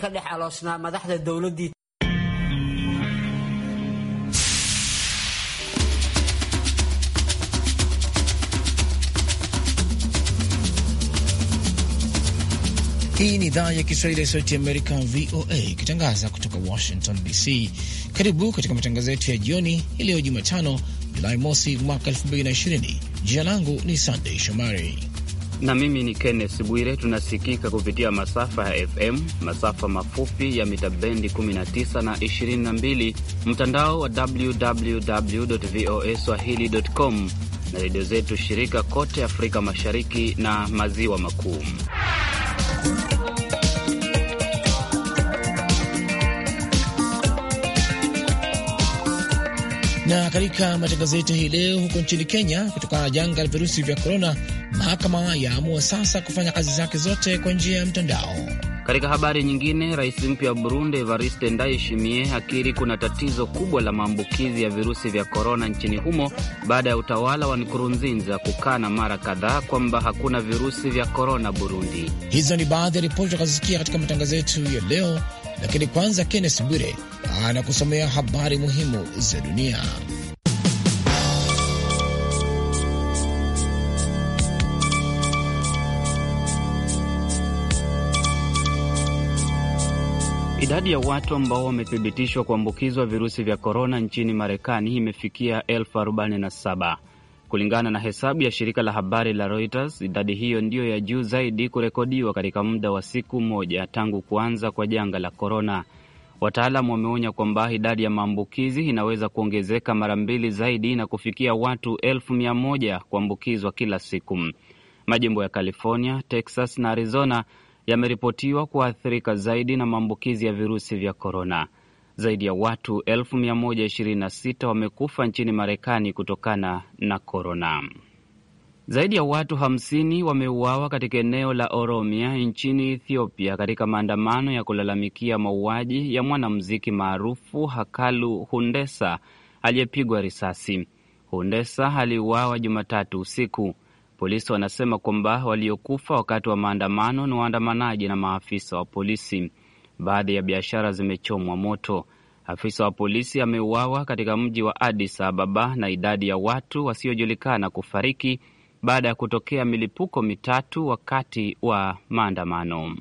ka dhex aloosnaa madaxda dowladdii Hii ni idhaa ya Kiswahili ya sauti Amerika, VOA, ikitangaza kutoka Washington DC. Karibu katika matangazo yetu ya jioni iliyo Jumatano, Julai mosi mwaka 2020. Jina langu ni Sandei Shomari na mimi ni Kenneth Bwire. Tunasikika kupitia masafa ya FM, masafa mafupi ya mita bendi 19 na 22, mtandao wa www voa swahili com na redio zetu shirika kote Afrika Mashariki na Maziwa Makuu. Na katika matangazo yetu hii leo, huko nchini Kenya, kutokana na janga la virusi vya korona, mahakama yaamua sasa kufanya kazi zake zote kwa njia ya mtandao. Katika habari nyingine, rais mpya wa Burundi Evariste Ndayishimiye akiri kuna tatizo kubwa la maambukizi ya virusi vya korona nchini humo baada ya utawala wa Nkurunziza kukana mara kadhaa kwamba hakuna virusi vya korona Burundi. Hizo ni baadhi ya ripoti utakazosikia katika matangazo yetu ya leo, lakini kwanza, Kennes Bwire anakusomea habari muhimu za dunia. Idadi ya watu ambao wamethibitishwa kuambukizwa virusi vya korona nchini Marekani imefikia elfu arobaini na saba kulingana na hesabu ya shirika la habari la Reuters. Idadi hiyo ndiyo ya juu zaidi kurekodiwa katika muda wa siku moja tangu kuanza kwa janga la korona. Wataalamu wameonya kwamba idadi ya maambukizi inaweza kuongezeka mara mbili zaidi na kufikia watu elfu mia moja kuambukizwa kila siku. Majimbo ya California, Texas na Arizona yameripotiwa kuathirika zaidi na maambukizi ya virusi vya korona. Zaidi ya watu 1126 wamekufa nchini Marekani kutokana na korona. Zaidi ya watu hamsini wameuawa katika eneo la Oromia nchini Ethiopia katika maandamano ya kulalamikia mauaji ya mwanamuziki maarufu Hakalu hundesa aliyepigwa risasi. hundesa aliuawa Jumatatu usiku. Polisi wanasema kwamba waliokufa wakati wa maandamano ni waandamanaji na maafisa wa polisi. Baadhi ya biashara zimechomwa moto. Afisa wa polisi ameuawa katika mji wa Addis Ababa na idadi ya watu wasiojulikana kufariki baada ya kutokea milipuko mitatu wakati wa maandamano.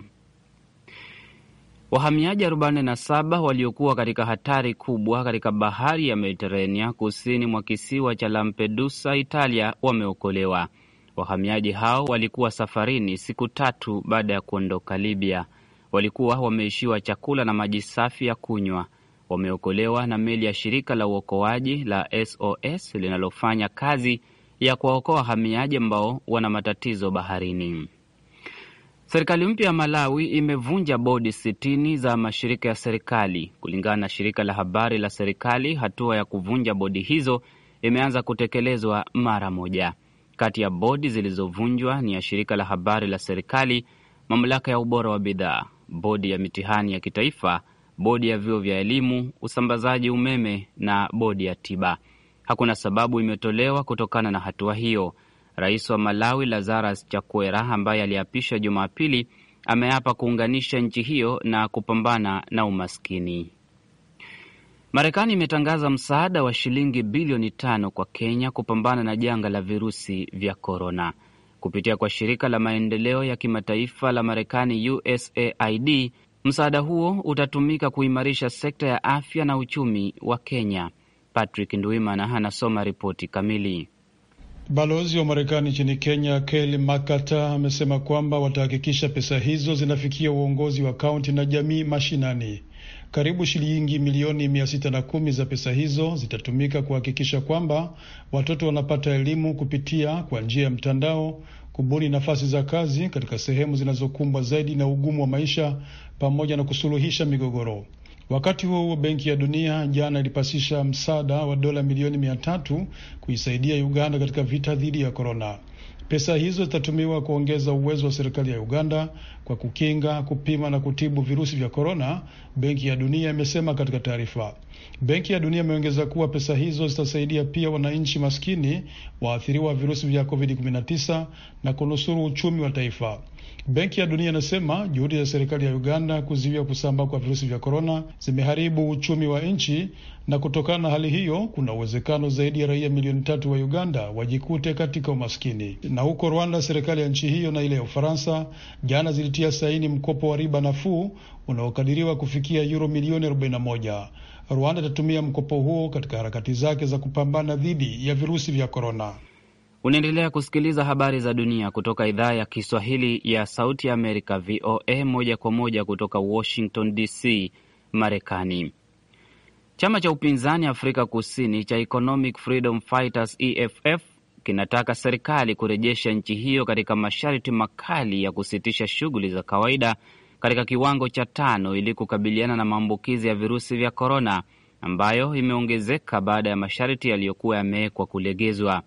Wahamiaji 47 waliokuwa katika hatari kubwa katika bahari ya Mediterania kusini mwa kisiwa cha Lampedusa, Italia, wameokolewa. Wahamiaji hao walikuwa safarini siku tatu baada ya kuondoka Libya. Walikuwa wameishiwa chakula na maji safi ya kunywa. Wameokolewa na meli ya shirika la uokoaji la SOS linalofanya kazi ya kuwaokoa wahamiaji ambao wana matatizo baharini. Serikali mpya ya Malawi imevunja bodi sitini za mashirika ya serikali. Kulingana na shirika la habari la serikali, hatua ya kuvunja bodi hizo imeanza kutekelezwa mara moja. Kati ya bodi zilizovunjwa ni ya shirika la habari la serikali, mamlaka ya ubora wa bidhaa, bodi ya mitihani ya kitaifa, bodi ya vyuo vya elimu, usambazaji umeme na bodi ya tiba. Hakuna sababu imetolewa kutokana na hatua hiyo. Rais wa Malawi Lazarus Chakwera ambaye aliapishwa Jumapili ameapa kuunganisha nchi hiyo na kupambana na umaskini. Marekani imetangaza msaada wa shilingi bilioni tano kwa Kenya kupambana na janga la virusi vya korona kupitia kwa shirika la maendeleo ya kimataifa la Marekani, USAID. Msaada huo utatumika kuimarisha sekta ya afya na uchumi wa Kenya. Patrick Ndwimana anasoma ripoti kamili. Balozi wa Marekani nchini Kenya Kelly Makata amesema kwamba watahakikisha pesa hizo zinafikia uongozi wa kaunti na jamii mashinani. Karibu shilingi milioni mia sita na kumi za pesa hizo zitatumika kuhakikisha kwamba watoto wanapata elimu kupitia kwa njia ya mtandao, kubuni nafasi za kazi katika sehemu zinazokumbwa zaidi na ugumu wa maisha, pamoja na kusuluhisha migogoro. Wakati huo huo, Benki ya Dunia jana ilipasisha msaada wa dola milioni mia tatu kuisaidia Uganda katika vita dhidi ya korona. Pesa hizo zitatumiwa kuongeza uwezo wa serikali ya Uganda kwa kukinga, kupima na kutibu virusi vya korona, Benki ya Dunia imesema katika taarifa. Benki ya Dunia imeongeza kuwa pesa hizo zitasaidia pia wananchi maskini waathiriwa virusi vya COVID-19 na kunusuru uchumi wa taifa. Benki ya Dunia inasema juhudi za serikali ya Uganda kuzuia kusambaa kwa virusi vya korona zimeharibu uchumi wa nchi, na kutokana na hali hiyo, kuna uwezekano zaidi ya raia milioni tatu wa Uganda wajikute katika umaskini. Na huko Rwanda, serikali ya nchi hiyo na ile ya Ufaransa jana zilitia saini mkopo wa riba nafuu unaokadiriwa kufikia yuro milioni 41. Rwanda itatumia mkopo huo katika harakati zake za kupambana dhidi ya virusi vya korona. Unaendelea kusikiliza habari za dunia kutoka idhaa ya Kiswahili ya Sauti ya Amerika, VOA, moja kwa moja kutoka Washington DC, Marekani. Chama cha upinzani Afrika Kusini cha Economic Freedom Fighters, EFF, kinataka serikali kurejesha nchi hiyo katika masharti makali ya kusitisha shughuli za kawaida katika kiwango cha tano ili kukabiliana na maambukizi ya virusi vya korona ambayo imeongezeka baada ya masharti yaliyokuwa yamewekwa kulegezwa.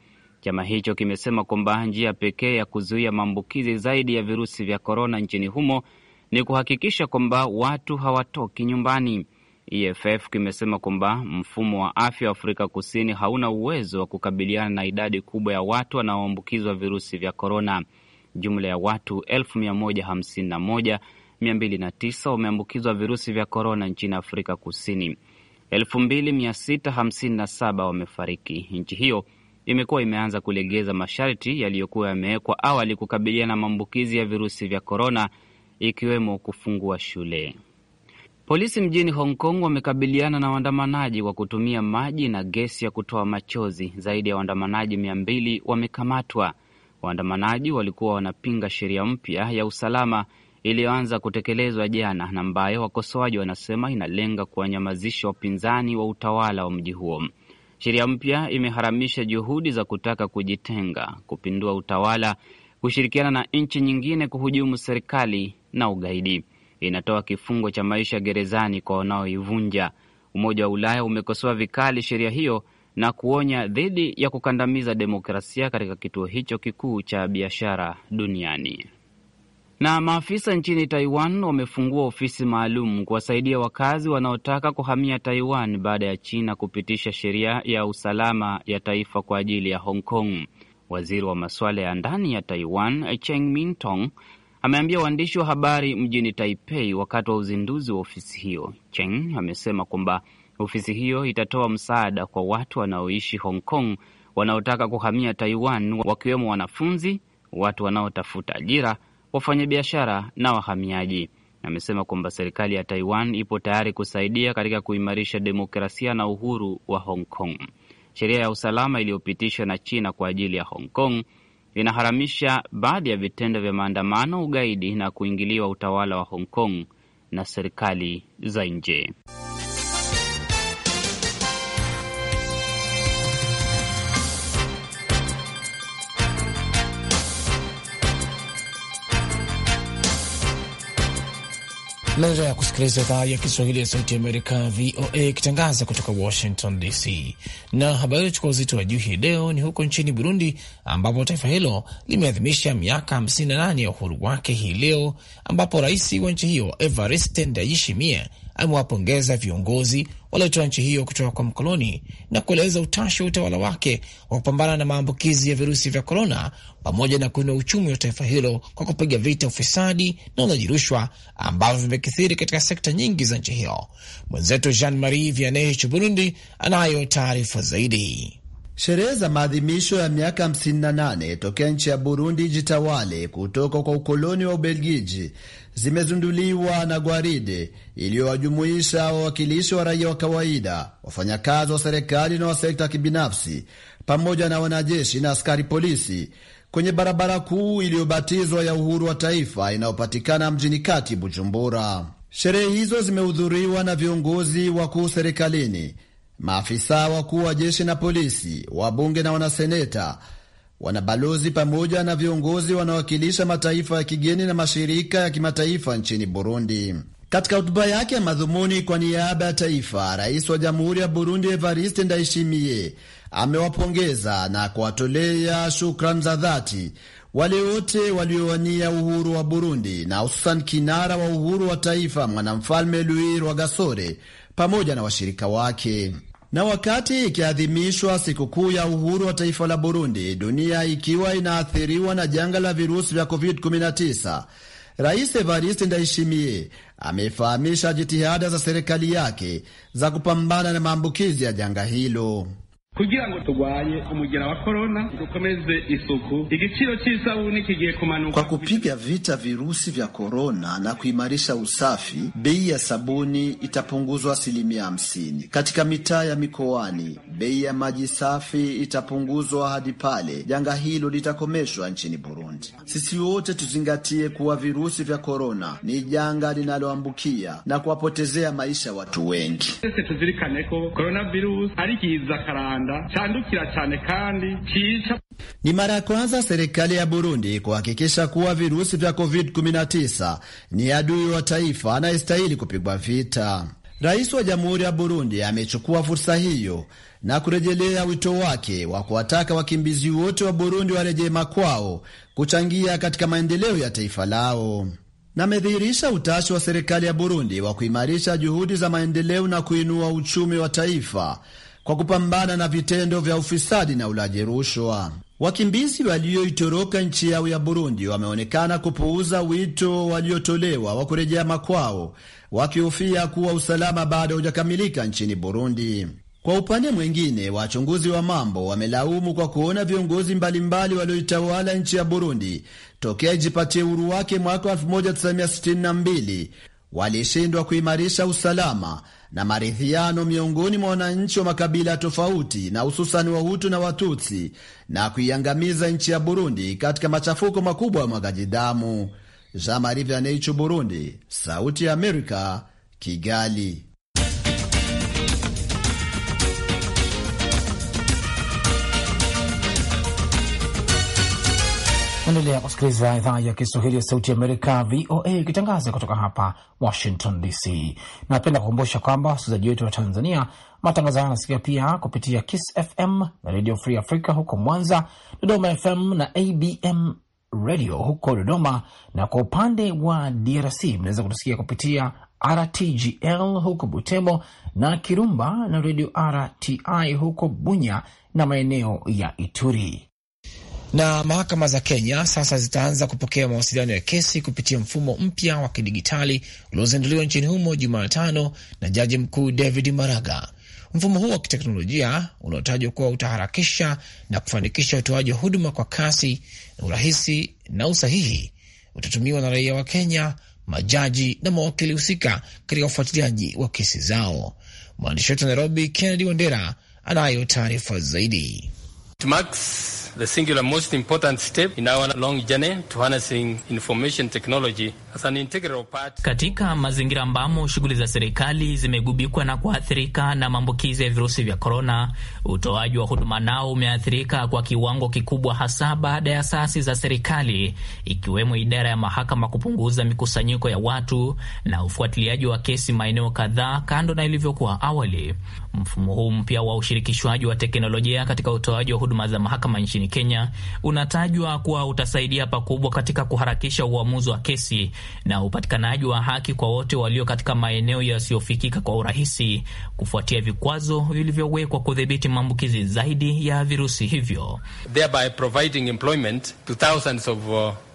Chama hicho kimesema kwamba njia pekee ya kuzuia maambukizi zaidi ya virusi vya korona nchini humo ni kuhakikisha kwamba watu hawatoki nyumbani. EFF kimesema kwamba mfumo wa afya wa Afrika Kusini hauna uwezo wa kukabiliana na idadi kubwa ya watu wanaoambukizwa virusi vya korona. Jumla ya watu 151209 wameambukizwa virusi vya korona nchini Afrika Kusini, 2657 wamefariki. Nchi hiyo imekuwa imeanza kulegeza masharti yaliyokuwa yamewekwa awali kukabiliana na maambukizi ya virusi vya korona, ikiwemo kufungua shule. Polisi mjini Hong Kong wamekabiliana na waandamanaji kwa kutumia maji na gesi ya kutoa machozi. Zaidi ya waandamanaji mia mbili wamekamatwa. Waandamanaji walikuwa wanapinga sheria mpya ya usalama iliyoanza kutekelezwa jana na ambayo wakosoaji wanasema inalenga kuwanyamazisha wapinzani wa utawala wa mji huo. Sheria mpya imeharamisha juhudi za kutaka kujitenga, kupindua utawala, kushirikiana na nchi nyingine kuhujumu serikali na ugaidi. Inatoa kifungo cha maisha gerezani kwa wanaoivunja. Umoja wa Ulaya umekosoa vikali sheria hiyo na kuonya dhidi ya kukandamiza demokrasia katika kituo hicho kikuu cha biashara duniani. Na maafisa nchini Taiwan wamefungua ofisi maalum kuwasaidia wakazi wanaotaka kuhamia Taiwan baada ya China kupitisha sheria ya usalama ya taifa kwa ajili ya Hong Kong. Waziri wa masuala ya ndani ya Taiwan Cheng Mintong ameambia waandishi wa habari mjini Taipei wakati wa uzinduzi wa ofisi hiyo. Cheng amesema kwamba ofisi hiyo itatoa msaada kwa watu wanaoishi Hong Kong wanaotaka kuhamia Taiwan, wakiwemo wanafunzi, watu wanaotafuta ajira wafanyabiashara na wahamiaji. Amesema kwamba serikali ya Taiwan ipo tayari kusaidia katika kuimarisha demokrasia na uhuru wa Hong Kong. Sheria ya usalama iliyopitishwa na China kwa ajili ya Hong Kong inaharamisha baadhi ya vitendo vya maandamano, ugaidi na kuingiliwa utawala wa Hong Kong na serikali za nje. Naendelea kusikiliza idhaa ya Kiswahili ya Sauti ya Amerika, VOA, ikitangaza kutoka Washington DC. Na habari iliyochukua uzito wa juu hii leo ni huko nchini Burundi, ambapo taifa hilo limeadhimisha miaka 58 ya uhuru wake hii leo, ambapo rais wa nchi hiyo Evariste Ndayishimiye amewapongeza viongozi waliotoa nchi hiyo kutoka kwa mkoloni na kueleza utashi wa utawala wake wa kupambana na maambukizi ya virusi vya korona pamoja na kuinua uchumi wa taifa hilo kwa kupiga vita ufisadi na ulaji rushwa ambavyo vimekithiri katika sekta nyingi za nchi hiyo. Mwenzetu Jean Marie Vianney cha Burundi anayo taarifa zaidi. Sherehe za maadhimisho ya miaka 58 tokea nchi ya Burundi jitawale kutoka kwa ukoloni wa Ubelgiji zimezinduliwa na gwaride iliyowajumuisha wawakilishi wa raia wa kawaida, wafanyakazi wa serikali na wa sekta kibinafsi, pamoja na wanajeshi na askari polisi kwenye barabara kuu iliyobatizwa ya uhuru wa taifa inayopatikana mjini kati Bujumbura. Sherehe hizo zimehudhuriwa na viongozi wakuu serikalini, maafisa wakuu wa jeshi na polisi, wabunge na wanaseneta wanabalozi pamoja na viongozi wanaowakilisha mataifa ya kigeni na mashirika ya kimataifa nchini Burundi. Katika hotuba yake ya madhumuni kwa niaba ya taifa, rais wa jamhuri ya Burundi Evariste Ndayishimiye amewapongeza na kuwatolea shukrani za dhati wale wote waliowania uhuru wa Burundi na hususan kinara wa uhuru wa taifa mwanamfalme Louis Rwagasore pamoja na washirika wake. Na wakati ikiadhimishwa sikukuu ya uhuru wa taifa la Burundi, dunia ikiwa inaathiriwa na janga la virusi vya COVID-19, Rais Evariste Ndayishimiye amefahamisha jitihada za serikali yake za kupambana na maambukizi ya janga hilo kugira ngo tugwanye umugera wa corona dukomeze isuku, igiciro cy'isabuni kigiye kumanuka. Kwa kupiga vita virusi vya corona na kuimarisha usafi, bei ya sabuni itapunguzwa asilimia hamsini katika mitaa ya mikoani bei ya maji safi itapunguzwa hadi pale janga hilo litakomeshwa nchini Burundi. Sisi wote tuzingatie kuwa virusi vya korona ni janga linaloambukia na kuwapotezea maisha watu wengi. Sisi tuzirikane ko coronavirus ari kiza karanda chandukira cyane kandi kica. Ni mara ya kwanza serikali ya Burundi kuhakikisha kuwa virusi vya COVID-19 ni adui wa taifa anayestahili kupigwa vita. Rais wa Jamhuri ya Burundi amechukua fursa hiyo na kurejelea wito wake wa kuwataka wakimbizi wote wa Burundi warejee makwao kuchangia katika maendeleo ya taifa lao na amedhihirisha utashi wa serikali ya Burundi wa kuimarisha juhudi za maendeleo na kuinua uchumi wa taifa kwa kupambana na vitendo vya ufisadi na ulaji rushwa. Wakimbizi walioitoroka nchi yao ya Burundi wameonekana kupuuza wito waliotolewa wa kurejea makwao, wakihofia kuwa usalama bado haujakamilika nchini Burundi. Kwa upande mwingine, wachunguzi wa mambo wamelaumu kwa kuona viongozi mbalimbali walioitawala nchi ya Burundi tokea ijipatie uhuru wake mwaka 1962 walishindwa kuimarisha usalama na maridhiano miongoni mwa wananchi wa makabila tofauti na hususani Wahutu na Watutsi na kuiangamiza nchi ya Burundi katika machafuko makubwa ya mwagaji damu. Jean Marie Vianney, Burundi, Sauti ya Amerika, Kigali. Naendelea kusikiliza idhaa ya Kiswahili ya Sauti Amerika, VOA, ikitangaza kutoka hapa Washington DC. Napenda kukumbusha kwamba wasikilizaji wetu wa Tanzania, matangazo haya yanasikia pia kupitia Kiss FM na Redio Free Africa huko Mwanza, Dodoma FM na ABM Radio huko Dodoma, na kwa upande wa DRC mnaweza kutusikia kupitia RTGL huko Butembo na Kirumba na Redio RTI huko Bunya na maeneo ya Ituri. Na mahakama za Kenya sasa zitaanza kupokea mawasiliano ya kesi kupitia mfumo mpya wa kidigitali uliozinduliwa nchini humo Jumatano na jaji mkuu David Maraga. Mfumo huo wa kiteknolojia unaotajwa kuwa utaharakisha na kufanikisha utoaji wa huduma kwa kasi urahisi na usahihi, utatumiwa na raia wa Kenya, majaji na mawakili husika katika ufuatiliaji wa kesi zao. Mwandishi wetu wa Nairobi, Kennedy Wandera, anayo taarifa zaidi. It marks the singular most important step in our long journey to harnessing information technology katika mazingira ambamo shughuli za serikali zimegubikwa na kuathirika na maambukizi ya virusi vya korona, utoaji wa huduma nao umeathirika kwa kiwango kikubwa, hasa baada ya asasi za serikali ikiwemo idara ya mahakama kupunguza mikusanyiko ya watu na ufuatiliaji wa kesi maeneo kadhaa, kando na ilivyokuwa awali. Mfumo huu mpya wa ushirikishwaji wa teknolojia katika utoaji wa huduma za mahakama nchini Kenya unatajwa kuwa utasaidia pakubwa katika kuharakisha uamuzi wa kesi na upatikanaji wa haki kwa wote walio katika maeneo yasiyofikika kwa urahisi kufuatia vikwazo vilivyowekwa kudhibiti maambukizi zaidi ya virusi hivyo,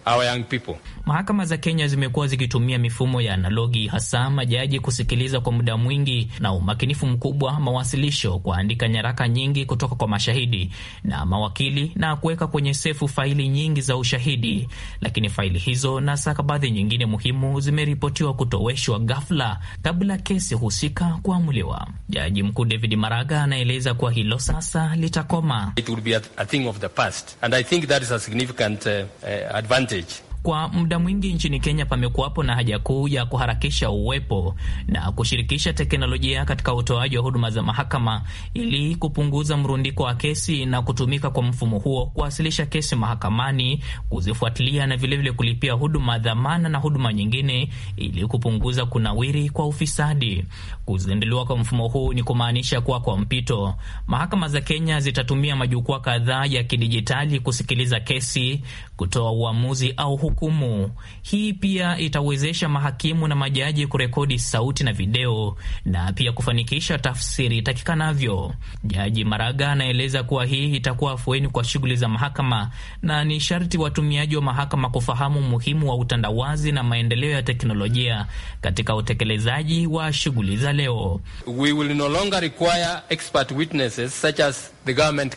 Our young people. Mahakama za Kenya zimekuwa zikitumia mifumo ya analogi, hasa majaji kusikiliza kwa muda mwingi na umakinifu mkubwa mawasilisho, kuandika nyaraka nyingi kutoka kwa mashahidi na mawakili na kuweka kwenye sefu faili nyingi za ushahidi. Lakini faili hizo na stakabadhi nyingine muhimu zimeripotiwa kutoweshwa ghafla kabla kesi husika kuamuliwa. Jaji Mkuu David Maraga anaeleza kuwa hilo sasa litakoma. It will be a thing of the past. And I think that is a significant, uh, uh advantage advantage Kwa muda mwingi nchini Kenya pamekuwapo na haja kuu ya kuharakisha uwepo na kushirikisha teknolojia katika utoaji wa huduma za mahakama ili kupunguza mrundiko wa kesi na kutumika kwa mfumo huo kuwasilisha kesi mahakamani, kuzifuatilia na vilevile vile kulipia huduma dhamana na huduma nyingine ili kupunguza kunawiri kwa ufisadi. Kuzinduliwa kwa mfumo huu ni kumaanisha kuwa kwa mpito, mahakama za Kenya zitatumia majukwaa kadhaa ya kidijitali kusikiliza kesi, kutoa uamuzi au hukumu. Hii pia itawezesha mahakimu na majaji kurekodi sauti na video na pia kufanikisha tafsiri itakikanavyo. Jaji Maraga anaeleza kuwa hii itakuwa afueni kwa shughuli za mahakama na ni sharti watumiaji wa mahakama kufahamu umuhimu wa utandawazi na maendeleo ya teknolojia katika utekelezaji wa shughuli za leo. We will no longer require expert witnesses such as the government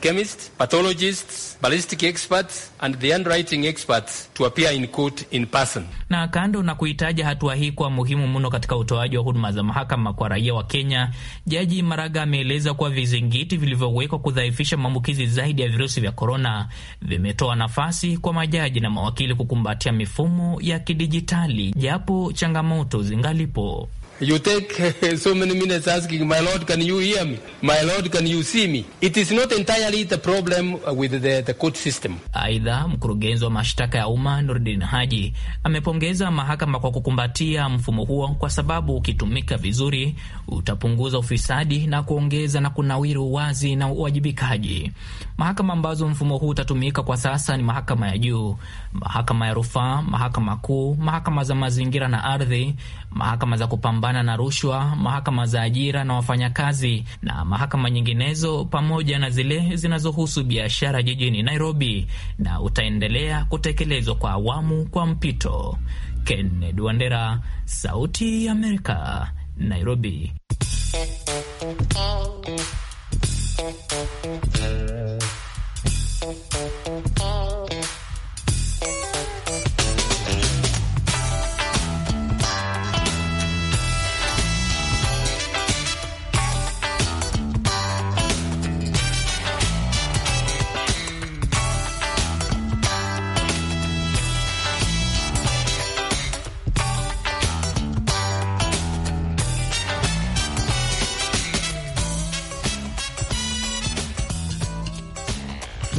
pathologists, ballistic experts and the handwriting experts to appear in in court in person. Na kando na kuitaja hatua hii kuwa muhimu mno katika utoaji wa huduma za mahakama kwa raia wa Kenya, Jaji Maraga ameeleza kuwa vizingiti vilivyowekwa kudhaifisha maambukizi zaidi ya virusi vya korona vimetoa nafasi kwa majaji na mawakili kukumbatia mifumo ya kidijitali, japo changamoto zingalipo. You take so many minutes asking, my Lord, can you hear me? My Lord, can you see me? It is not entirely the problem uh, with the, the court system. Aidha, mkurugenzi wa mashtaka ya umma Nurdin Haji amepongeza mahakama kwa kukumbatia mfumo huo kwa sababu ukitumika vizuri utapunguza ufisadi na kuongeza na kunawiri uwazi na uwajibikaji. Mahakama ambazo mfumo huu utatumika kwa sasa ni mahakama ya juu, mahakama ya rufaa, mahakama kuu, mahakama za mazingira na ardhi, mahakama za kupambana kupambana na rushwa, mahakama za ajira na wafanyakazi na mahakama nyinginezo, pamoja na zile zinazohusu biashara jijini Nairobi, na utaendelea kutekelezwa kwa awamu kwa mpito. Kennedy Wandera, Sauti ya Amerika, Nairobi.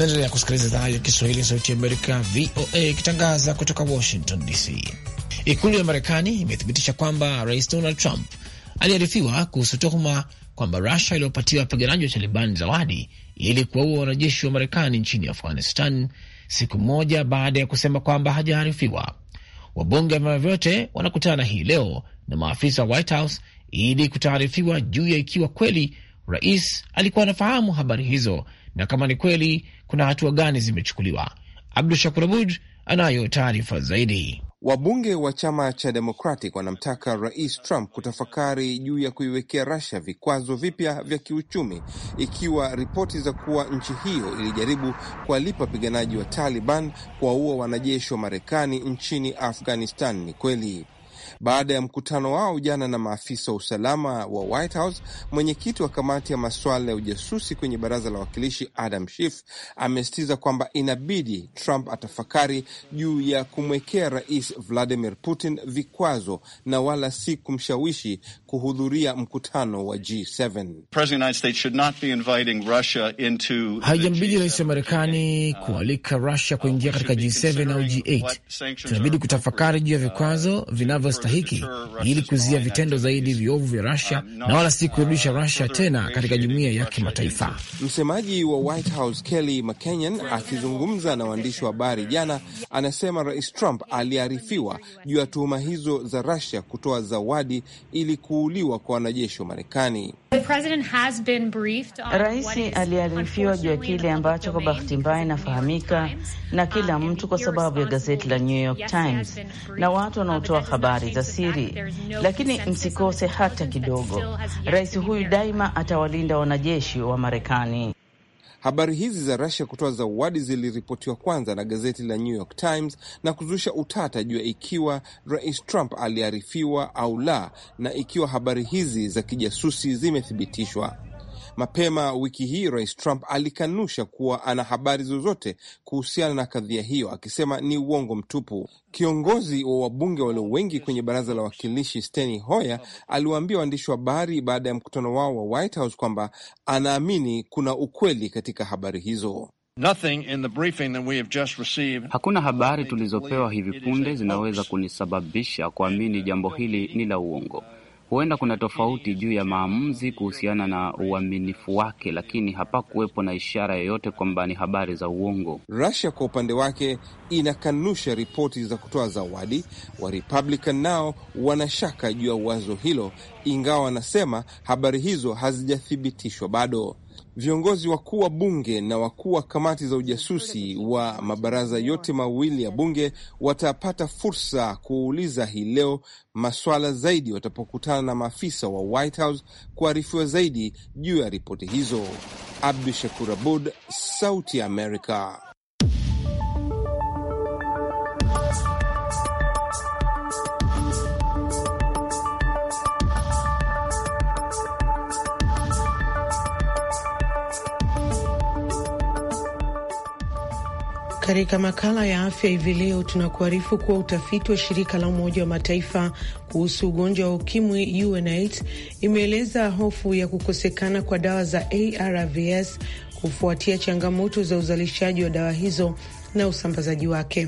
Tunaendelea kusikiliza idhaa ya Kiswahili ya Sauti ya Amerika, VOA, ikitangaza kutoka Washington DC. Ikulu ya Marekani imethibitisha kwamba Rais Donald Trump aliarifiwa kuhusu tuhuma kwamba Rusia iliwapatia wapiganaji wa Taliban zawadi ili kuwaua wanajeshi wa Marekani nchini Afghanistan, siku moja baada ya kusema kwamba hajaarifiwa. Wabunge wa vyama vyote wanakutana hii leo na maafisa wa White House ili kutaarifiwa juu ya ikiwa kweli rais alikuwa anafahamu habari hizo na kama ni kweli, kuna hatua gani zimechukuliwa? Abdu Shakur Abud anayo taarifa zaidi. Wabunge wa chama cha Democratic wanamtaka Rais Trump kutafakari juu ya kuiwekea Russia vikwazo vipya vya kiuchumi ikiwa ripoti za kuwa nchi hiyo ilijaribu kuwalipa wapiganaji wa Taliban kuwaua wanajeshi wa Marekani nchini Afghanistan ni kweli baada ya mkutano wao jana na maafisa wa usalama wa White House. Mwenyekiti wa kamati ya masuala ya ujasusi kwenye baraza la wawakilishi Adam Schiff amesisitiza kwamba inabidi Trump atafakari juu ya kumwekea Rais Vladimir Putin vikwazo na wala si kumshawishi kuhudhuria mkutano wa G7. Haijambidi rais wa Marekani kualika Rusia kuingia katika G7 au G8. Tunabidi kutafakari juu ya vikwazo vinavyostahili hiki ili kuzuia vitendo zaidi viovu vya Rusia na wala si kurudisha Rusia tena katika jumuiya ya kimataifa. Msemaji wa White House Kelly McKenyan akizungumza na waandishi wa habari jana, anasema Rais Trump aliarifiwa juu ya tuhuma hizo za Rusia kutoa zawadi ili kuuliwa kwa wanajeshi wa Marekani. Raisi aliarifiwa juu ya kile ambacho kwa bahati mbaya inafahamika na kila um, mtu kwa sababu ya gazeti la New York Times na watu wanaotoa habari za siri, lakini msikose hata kidogo. Rais huyu daima atawalinda wanajeshi wa Marekani. Habari hizi za rasia kutoa zawadi ziliripotiwa kwanza na gazeti la New York Times na kuzusha utata juu ya ikiwa Rais Trump aliarifiwa au la na ikiwa habari hizi za kijasusi zimethibitishwa. Mapema wiki hii, Rais Trump alikanusha kuwa ana habari zozote kuhusiana na kadhia hiyo, akisema ni uongo mtupu. Kiongozi wa wabunge walio wengi kwenye baraza la wawakilishi Steny Hoyer aliwaambia waandishi wa habari baada ya mkutano wao wa White House kwamba anaamini kuna ukweli katika habari hizo. Hakuna habari tulizopewa hivi punde zinaweza kunisababisha kuamini jambo hili ni la uongo. Huenda kuna tofauti juu ya maamuzi kuhusiana na uaminifu wake, lakini hapakuwepo na ishara yoyote kwamba ni habari za uongo. Russia kwa upande wake inakanusha ripoti za kutoa zawadi. Wa Republican nao wanashaka juu ya wazo hilo, ingawa wanasema habari hizo hazijathibitishwa bado viongozi wakuu wa bunge na wakuu wa kamati za ujasusi wa mabaraza yote mawili ya bunge watapata fursa kuuliza hii leo maswala zaidi watapokutana na maafisa wa White House kuarifiwa zaidi juu ya ripoti hizo. Abdu Shakur Abud, Sauti ya Amerika. Katika makala ya afya hivi leo tunakuarifu kuwa utafiti wa shirika la Umoja wa Mataifa kuhusu ugonjwa wa ukimwi UNAIDS imeeleza hofu ya kukosekana kwa dawa za ARVs kufuatia changamoto za uzalishaji wa dawa hizo na usambazaji wake.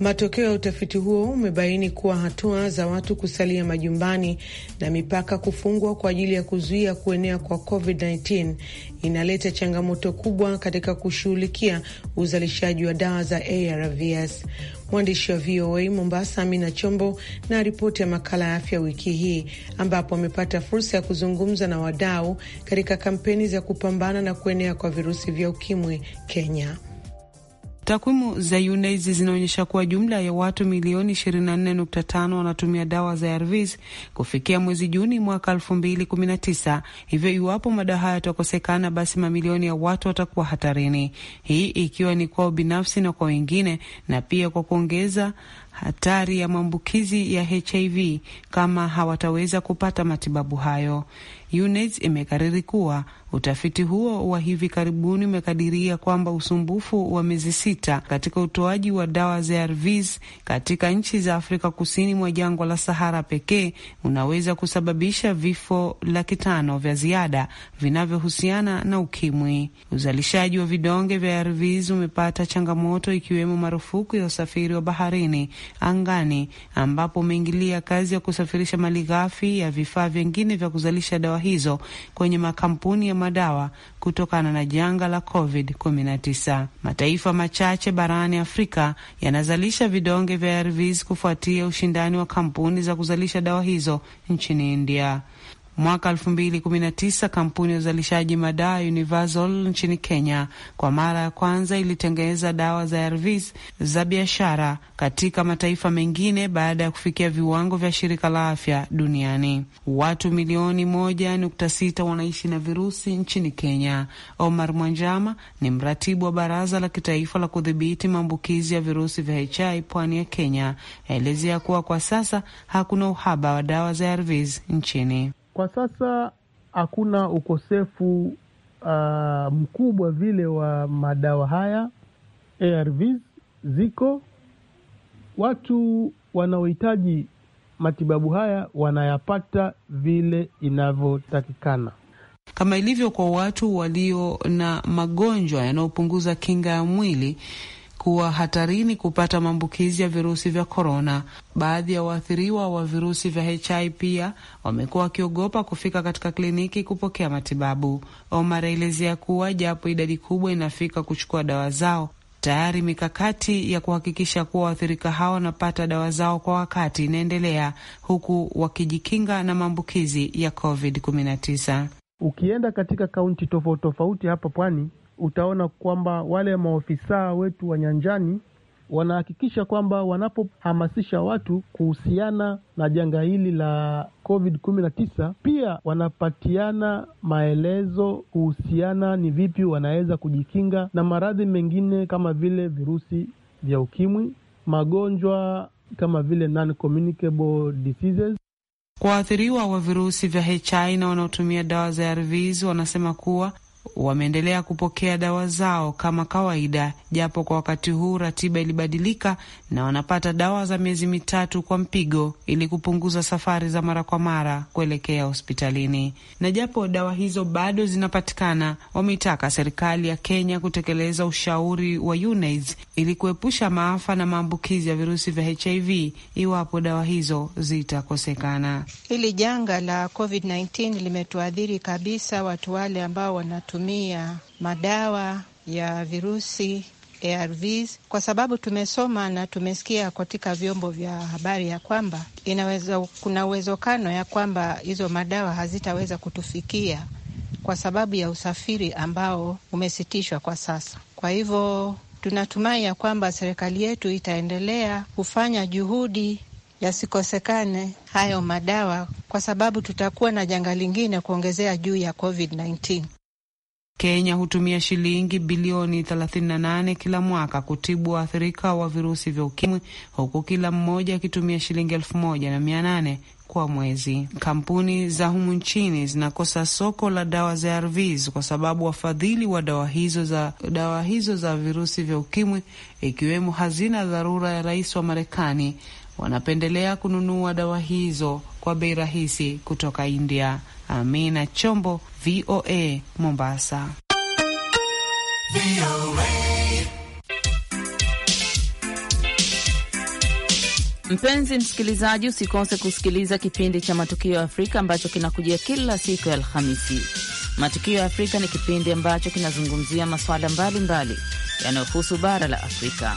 Matokeo ya utafiti huo umebaini kuwa hatua za watu kusalia majumbani na mipaka kufungwa kwa ajili ya kuzuia kuenea kwa COVID-19 inaleta changamoto kubwa katika kushughulikia uzalishaji wa dawa za ARVs. Mwandishi wa VOA Mombasa, Amina Chombo, na ripoti ya makala ya afya wiki hii, ambapo amepata fursa ya kuzungumza na wadau katika kampeni za kupambana na kuenea kwa virusi vya ukimwi Kenya. Takwimu za UNAIDS zinaonyesha kuwa jumla ya watu milioni 24.5 wanatumia dawa za ARVs kufikia mwezi Juni mwaka 2019. Hivyo iwapo madawa haya yatakosekana, basi mamilioni ya watu watakuwa hatarini, hii ikiwa ni kwao binafsi na kwa wengine, na pia kwa kuongeza hatari ya maambukizi ya HIV kama hawataweza kupata matibabu hayo. UNAIDS imekariri kuwa Utafiti huo wa hivi karibuni umekadiria kwamba usumbufu wa miezi sita katika utoaji wa dawa za ARVs katika nchi za Afrika kusini mwa jangwa la Sahara pekee unaweza kusababisha vifo laki tano vya ziada vinavyohusiana na ukimwi. Uzalishaji wa vidonge vya ARVs umepata changamoto, ikiwemo marufuku ya usafiri wa baharini, angani, ambapo umeingilia kazi ya kusafirisha malighafi ya vifaa vyengine vya kuzalisha dawa hizo kwenye makampuni ya madawa kutokana na janga la COVID-19. Mataifa machache barani Afrika yanazalisha vidonge vya ARVs kufuatia ushindani wa kampuni za kuzalisha dawa hizo nchini India. Mwaka 2019 kampuni ya uzalishaji madawa Universal nchini Kenya kwa mara ya kwanza ilitengeneza dawa za ARVs za biashara katika mataifa mengine baada ya kufikia viwango vya shirika la afya duniani. Watu milioni moja nukta sita wanaishi na virusi nchini Kenya. Omar Mwanjama ni mratibu wa baraza la kitaifa la kudhibiti maambukizi ya virusi vya HIV pwani ya Kenya, aelezea kuwa kwa sasa hakuna uhaba wa dawa za ARVs nchini. Kwa sasa hakuna ukosefu uh, mkubwa vile wa madawa haya. ARVs ziko, watu wanaohitaji matibabu haya wanayapata vile inavyotakikana. Kama ilivyo kwa watu walio na magonjwa yanayopunguza kinga ya mwili kuwa hatarini kupata maambukizi ya virusi vya korona. Baadhi ya waathiriwa wa virusi vya HIV pia wamekuwa wakiogopa kufika katika kliniki kupokea matibabu. Omar aelezea kuwa japo idadi kubwa inafika kuchukua dawa zao, tayari mikakati ya kuhakikisha kuwa waathirika hao wanapata dawa zao kwa wakati inaendelea, huku wakijikinga na maambukizi ya COVID-19. Ukienda katika kaunti tofauti tofauti hapa pwani utaona kwamba wale maofisa wetu wa nyanjani wanahakikisha kwamba wanapohamasisha watu kuhusiana na janga hili la Covid 19 pia wanapatiana maelezo kuhusiana ni vipi wanaweza kujikinga na maradhi mengine kama vile virusi vya ukimwi, magonjwa kama vile non-communicable diseases. Waathiriwa wa virusi vya HIV na wanaotumia dawa za ARVs wanasema kuwa wameendelea kupokea dawa zao kama kawaida, japo kwa wakati huu ratiba ilibadilika na wanapata dawa za miezi mitatu kwa mpigo ili kupunguza safari za mara kwa mara kuelekea hospitalini. Na japo dawa hizo bado zinapatikana, wameitaka serikali ya Kenya kutekeleza ushauri wa UNAIDS ili kuepusha maafa na maambukizi ya virusi vya HIV iwapo dawa hizo zitakosekana. Hili janga la COVID-19 limetuadhiri kabisa watu wale ambao wanatu kutumia madawa ya virusi ARVs kwa sababu tumesoma na tumesikia katika vyombo vya habari ya kwamba inaweza, kuna uwezekano ya kwamba hizo madawa hazitaweza kutufikia kwa sababu ya usafiri ambao umesitishwa kwa sasa. Kwa hivyo tunatumai ya kwamba serikali yetu itaendelea kufanya juhudi yasikosekane hayo madawa, kwa sababu tutakuwa na janga lingine kuongezea juu ya COVID-19. Kenya hutumia shilingi bilioni 38 kila mwaka kutibu waathirika wa virusi vya ukimwi huku kila mmoja akitumia shilingi elfu moja na mia nane kwa mwezi. Kampuni za humu nchini zinakosa soko la dawa za ARVs kwa sababu wafadhili wa dawa hizo za dawa hizo za virusi vya ukimwi, ikiwemo hazina dharura ya rais wa Marekani wanapendelea kununua dawa hizo kwa bei rahisi kutoka India. Amina Chombo, VOA Mombasa. Mpenzi msikilizaji, usikose kusikiliza kipindi cha Matukio ya Afrika ambacho kinakujia kila siku ya Alhamisi. Matukio ya Afrika ni kipindi ambacho kinazungumzia masuala mbalimbali yanayohusu bara la Afrika.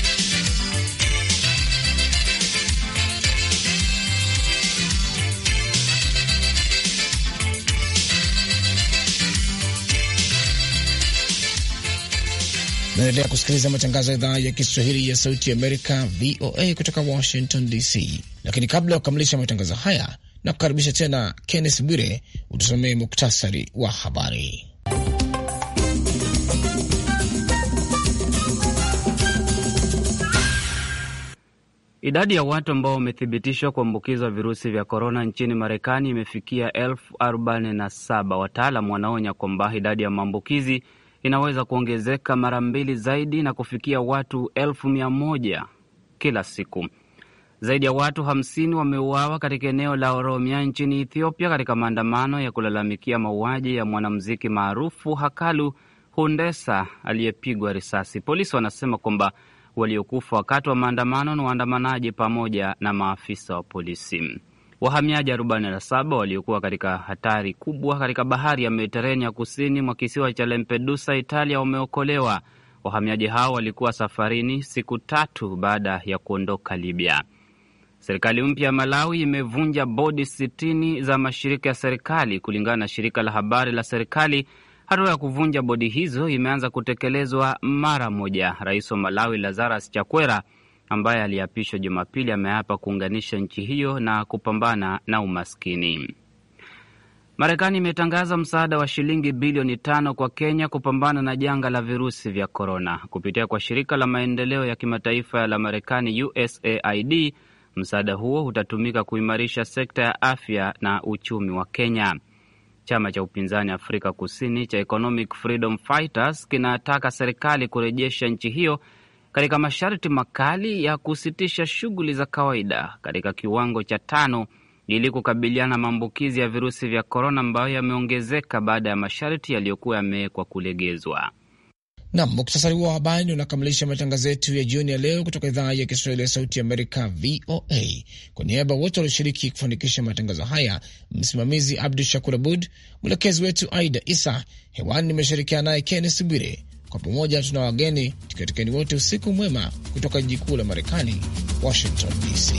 Naendelea kusikiliza matangazo ya idhaa ya Kiswahili ya Sauti ya Amerika, VOA, kutoka Washington DC. Lakini kabla ya kukamilisha matangazo haya na kukaribisha tena Kenneth Bwire utusomee muktasari wa habari. Idadi ya watu ambao wamethibitishwa kuambukizwa virusi vya korona nchini Marekani imefikia elfu arobaini na saba. Wataalam wanaonya kwamba idadi ya maambukizi inaweza kuongezeka mara mbili zaidi na kufikia watu elfu mia moja kila siku. Zaidi ya watu hamsini wameuawa katika eneo la Oromia nchini Ethiopia katika maandamano ya kulalamikia mauaji ya mwanamuziki maarufu Hakalu Hundesa aliyepigwa risasi. Polisi wanasema kwamba waliokufa wakati wa maandamano ni waandamanaji pamoja na maafisa wa polisi. Wahamiaji 47 waliokuwa katika hatari kubwa katika bahari ya Mediterania kusini mwa kisiwa cha Lampedusa, Italia, wameokolewa. Wahamiaji hao walikuwa safarini siku tatu baada ya kuondoka Libya. Serikali mpya ya Malawi imevunja bodi sitini za mashirika ya serikali, kulingana na shirika la habari la serikali. Hatua ya kuvunja bodi hizo imeanza kutekelezwa mara moja. Rais wa Malawi Lazarus Chakwera ambaye aliapishwa Jumapili ameapa kuunganisha nchi hiyo na kupambana na umaskini. Marekani imetangaza msaada wa shilingi bilioni tano kwa Kenya kupambana na janga la virusi vya korona kupitia kwa shirika la maendeleo ya kimataifa la Marekani, USAID. Msaada huo utatumika kuimarisha sekta ya afya na uchumi wa Kenya. Chama cha upinzani Afrika Kusini cha Economic Freedom Fighters kinataka serikali kurejesha nchi hiyo katika masharti makali ya kusitisha shughuli za kawaida katika kiwango cha tano ili kukabiliana na maambukizi ya virusi vya korona ambayo yameongezeka baada ya masharti yaliyokuwa yamewekwa kulegezwa. Nam, muktasari huo wa habari unakamilisha matangazo yetu ya jioni ya leo kutoka idhaa ya Kiswahili ya Sauti ya Amerika, VOA. Kwa niaba wote walioshiriki kufanikisha matangazo haya, msimamizi Abdu Shakur Abud, mwelekezi wetu Aida Isa. Hewani nimeshirikiana naye Kennes Bwire. Kwa pamoja tuna wageni tukiwatikeni wote usiku mwema kutoka jiji kuu la Marekani, Washington DC.